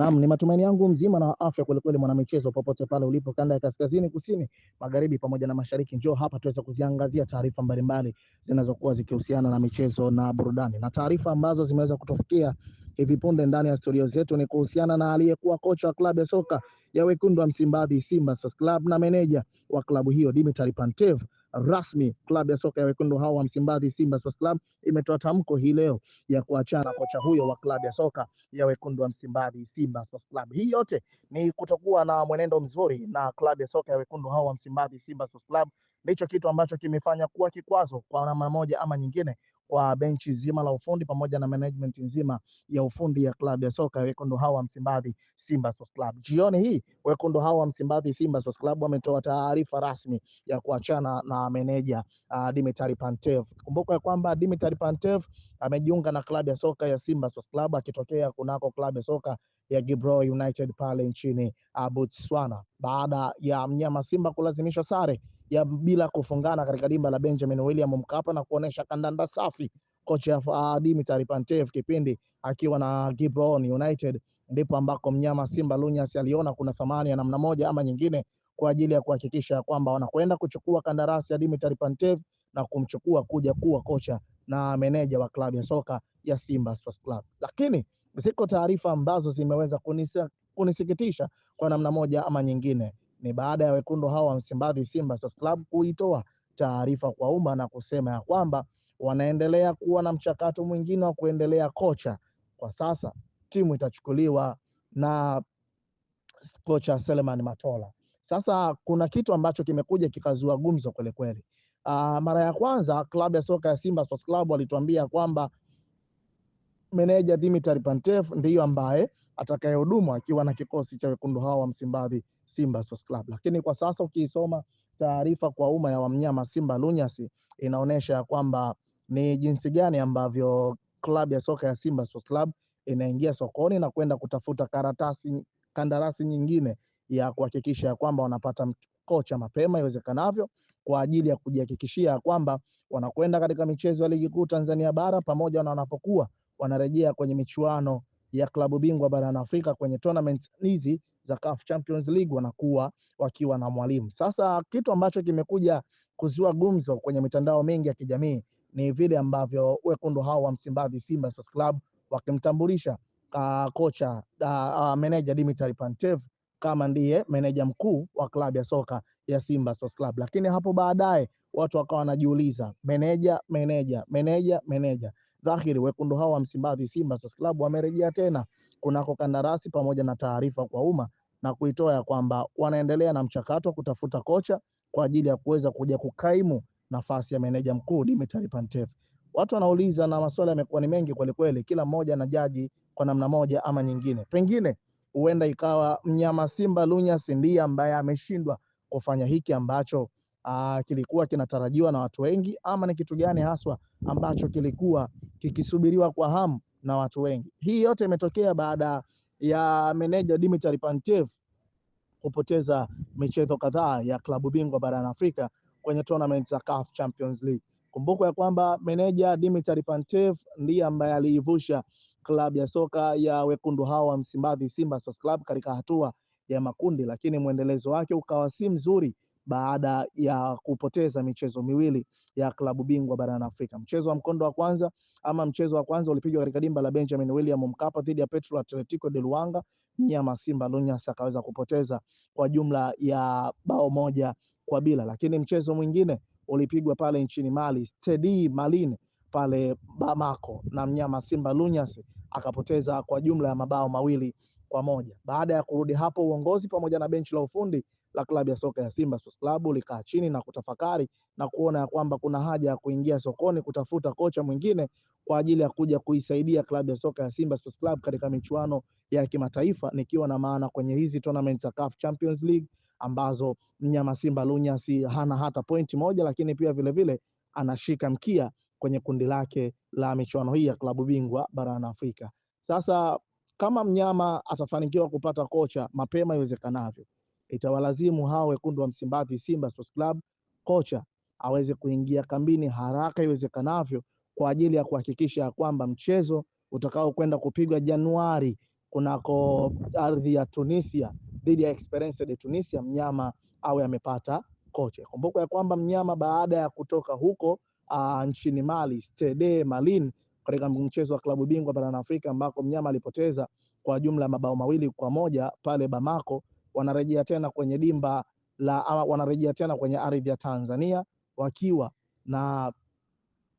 Naam, ni matumaini yangu mzima na afya kwelikweli, mwanamichezo, popote pale ulipo, kanda ya kaskazini, kusini, magharibi pamoja na mashariki, njoo hapa tuweza kuziangazia taarifa mbalimbali zinazokuwa zikihusiana na michezo na burudani, na taarifa ambazo zimeweza kutufikia hivi punde ndani ya studio zetu ni kuhusiana na aliyekuwa kocha wa klabu ya soka ya wekundu wa Msimbazi Simba Sports Club na meneja wa klabu hiyo Dimitri Pantev rasmi. Klabu ya soka ya wekundu hao wa Msimbazi, Simba Sports Club, imetoa tamko hii leo ya kuachana kocha huyo wa klabu ya soka ya wekundu wa Msimbazi, Simba Sports Club. Hii yote ni kutokuwa na mwenendo mzuri na klabu ya soka ya wekundu hao wa Msimbazi, Simba Sports Club, ndicho kitu ambacho kimefanya kuwa kikwazo kwa namna moja ama nyingine wa benchi zima la ufundi pamoja na management nzima ya ufundi ya klabu ya soka wekundu hawa wa Msimbazi, Simba Sports Club. Jioni hii wekundu hawa wa Msimbazi, Simba Sports Club wametoa taarifa rasmi ya kuachana na meneja uh, ah, Dimitri Pantev. Kumbuka ya kwamba Dimitri Pantev amejiunga na klabu ya soka ya Simba Sports Club akitokea kunako klabu ya soka ya Gibrow United pale nchini ah, Botswana baada ya mnyama Simba kulazimishwa sare ya bila kufungana katika dimba la Benjamin William Mkapa na kuonesha kandanda safi. Kocha uh, Dimitri Pantev kipindi akiwa na Gibron United ndipo ambako mnyama Simba Lunyas aliona kuna thamani ya namna moja ama nyingine kwa ajili ya kuhakikisha kwamba wanakwenda kuchukua kandarasi ya Dimitri Pantev na kumchukua kuja kuwa kocha na meneja wa klabu ya soka ya Simba Sports Club. Lakini ziko taarifa ambazo zimeweza kunisa, kunisikitisha kwa namna moja ama nyingine ni baada ya wekundu hao wa Msimbazi Simba Sports Club kuitoa taarifa kwa umma na kusema ya kwamba wanaendelea kuwa na mchakato mwingine wa kuendelea kocha. Kwa sasa timu itachukuliwa na kocha Seleman Matola. Sasa kuna kitu ambacho kimekuja kikazua gumzo kweli kweli. Uh, mara ya kwanza klabu ya soka ya Simba Sports Club walituambia kwamba meneja Dimitri Pantev ndiyo ambaye atakayehudumu akiwa na kikosi cha wekundu hawa wa Msimbazi, Simba Sports Club. Lakini kwa sasa ukiisoma taarifa kwa umma ya wamnyama Simba Lunyasi inaonyesha ya kwamba ni jinsi gani ambavyo klabu ya soka ya Simba Sports Club inaingia sokoni na kwenda kutafuta karatasi kandarasi nyingine ya kuhakikisha ya kwamba wanapata kocha mapema iwezekanavyo kwa ajili ya kujihakikishia kwamba wanakwenda katika michezo ya ligi kuu Tanzania bara pamoja na wanapokuwa wanarejea kwenye michuano ya klabu bingwa barani Afrika kwenye tournament hizi za CAF Champions League wanakuwa wakiwa na mwalimu. Sasa kitu ambacho kimekuja kuzua gumzo kwenye mitandao mingi ya kijamii ni vile ambavyo wekundu hao wa Msimbazi Simba Sports Club wakimtambulisha uh, kocha uh, uh, meneja Dimitri Pantev kama ndiye meneja mkuu wa klabu ya soka ya Simba Sports Club, lakini hapo baadaye watu wakawa wanajiuliza meneja meneja meneja meneja dhahiri wekundu hao wa Msimbazi, Simba Sports Club, wamerejea tena kunako kandarasi pamoja na taarifa kwa umma na kuitoa ya kwamba wanaendelea na mchakato wa kutafuta kocha kwa ajili ya kuweza kuja kukaimu nafasi ya meneja mkuu Dimitri Pantev. Watu wanauliza na maswali yamekuwa ni mengi kwelikweli, kila mmoja na jaji kwa namna moja ama nyingine, pengine huenda ikawa mnyama Simba Lunya Sindia ambaye ameshindwa kufanya hiki ambacho uh, kilikuwa kinatarajiwa na watu wengi ama ni kitu gani haswa ambacho kilikuwa kikisubiriwa kwa hamu na watu wengi. Hii yote imetokea baada ya meneja Dimitri Pantev kupoteza michezo kadhaa ya klabu bingwa barani Afrika kwenye tournament za CAF Champions League. Kumbuka ya kwamba meneja Dimitri Pantev ndiye ambaye aliivusha klabu ya soka ya wekundu hao wa Msimbazi Simba Sports Club katika hatua ya makundi, lakini mwendelezo wake ukawa si mzuri baada ya kupoteza michezo miwili ya klabu bingwa barani Afrika. Mchezo wa mkondo wa kwanza ama mchezo wa kwanza ulipigwa katika dimba la Benjamin William Mkapa dhidi ya Petro Atletico de Luanga. Mnyama Simba Lunyas akaweza kupoteza kwa jumla ya bao moja kwa bila, lakini mchezo mwingine ulipigwa pale nchini Mali Stedi Malin pale Bamako na mnyama Simba Lunyas akapoteza kwa jumla ya mabao mawili kwa moja. Baada ya kurudi hapo, uongozi pamoja na benchi la ufundi la klabu ya soka ya Simba Sports Club likaa chini na kutafakari na kuona ya kwamba kuna haja ya kuingia sokoni kutafuta kocha mwingine kwa ajili ya kuja kuisaidia klabu ya soka ya Simba Sports Club katika michuano ya kimataifa, nikiwa na maana kwenye hizi tournament za CAF Champions League ambazo mnyama Simba Lunyasi hana hata pointi moja, lakini pia vilevile vile, anashika mkia kwenye kundi lake la michuano hii ya klabu bingwa barani Afrika. Sasa kama mnyama atafanikiwa kupata kocha mapema iwezekanavyo itawalazimu hao wekundu wa Msimbazi, Simba Sports Club, kocha aweze kuingia kambini haraka iwezekanavyo kwa ajili ya kuhakikisha ya kwamba mchezo utakaokwenda kupigwa Januari kunako ardhi ya Tunisia dhidi ya Esperance de Tunisia, mnyama awe amepata kocha. Kumbuka ya kwamba mnyama baada ya kutoka huko uh, nchini Mali Stade Malien katika mchezo wa klabu bingwa barani Afrika ambako mnyama alipoteza kwa jumla mabao mawili kwa moja pale Bamako wanarejea tena kwenye dimba la ama wanarejea tena kwenye ardhi ya Tanzania wakiwa na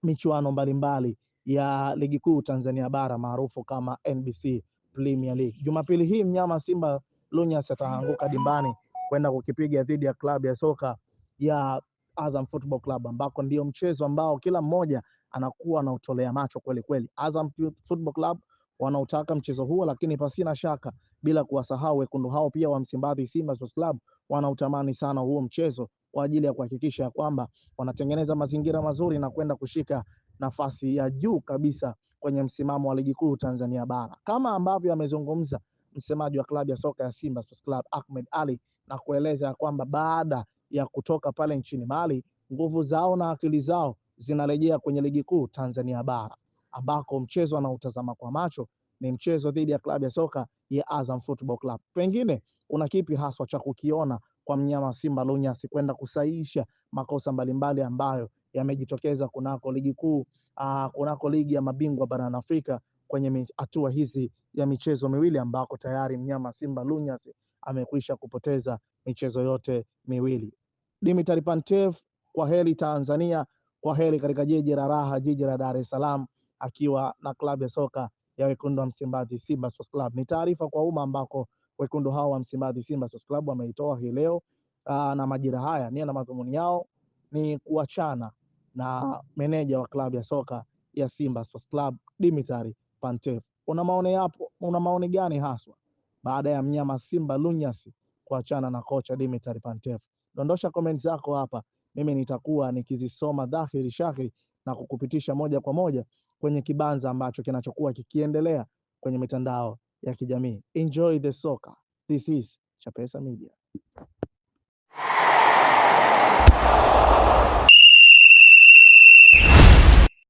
michuano mbalimbali ya ligi kuu Tanzania bara maarufu kama NBC Premier League. Jumapili hii mnyama Simba Lunyas ataanguka dimbani kwenda kukipiga dhidi ya klabu ya soka ya Azam Football Club ambako ndio mchezo ambao kila mmoja anakuwa anautolea macho kweli kweli. Azam Football Club wanautaka mchezo huo, lakini pasina shaka bila kuwasahau wekundu hao pia wa Msimbazi, Simba Sports Club, wanautamani sana huo mchezo kwa ajili ya kuhakikisha kwamba wanatengeneza mazingira mazuri na kwenda kushika nafasi ya juu kabisa kwenye msimamo wa ligi kuu Tanzania bara, kama ambavyo amezungumza msemaji wa klabu ya soka ya Simba Sports Club Ahmed Ali, na kueleza kwamba baada ya kutoka pale nchini Mali, nguvu zao na akili zao zinarejea kwenye ligi kuu Tanzania bara ambako mchezo anautazama kwa macho ni mchezo dhidi ya klabu ya soka ya Azam Football Club. Pengine una kipi haswa cha kukiona kwa mnyama Simba Lunyasi kwenda kusaisha makosa mbalimbali ambayo yamejitokeza kunako ligi kuu, ah, kunako ligi ya mabingwa barani Afrika kwenye hatua hizi ya michezo miwili ambako tayari mnyama Simba Lunyasi amekwisha kupoteza michezo yote miwili. Dimitar Pantev, kwa heri Tanzania, kwa heri katika jiji la raha, jiji la Dar es Salaam, akiwa na klabu ya soka ya wekundu wa Msimbazi, Simba Sports Club. Ni taarifa kwa umma ambako wekundu hao wa Msimbazi, Simba Sports Club, wameitoa hii leo na majira haya nia na madhumuni yao ni kuachana na meneja wa klabu ya soka ya Simba Sports Club Dimitari Pantev. Una maoni yapo, una maoni gani haswa baada ya mnyama Simba Lunyasi kuachana na kocha Dimitari Pantev? Dondosha comment zako hapa, mimi nitakuwa nikizisoma dhahiri shahiri na kukupitisha moja kwa moja kwenye kibanza ambacho kinachokuwa kikiendelea kwenye mitandao ya kijamii. Enjoy the soccer. This is Chapesa Media.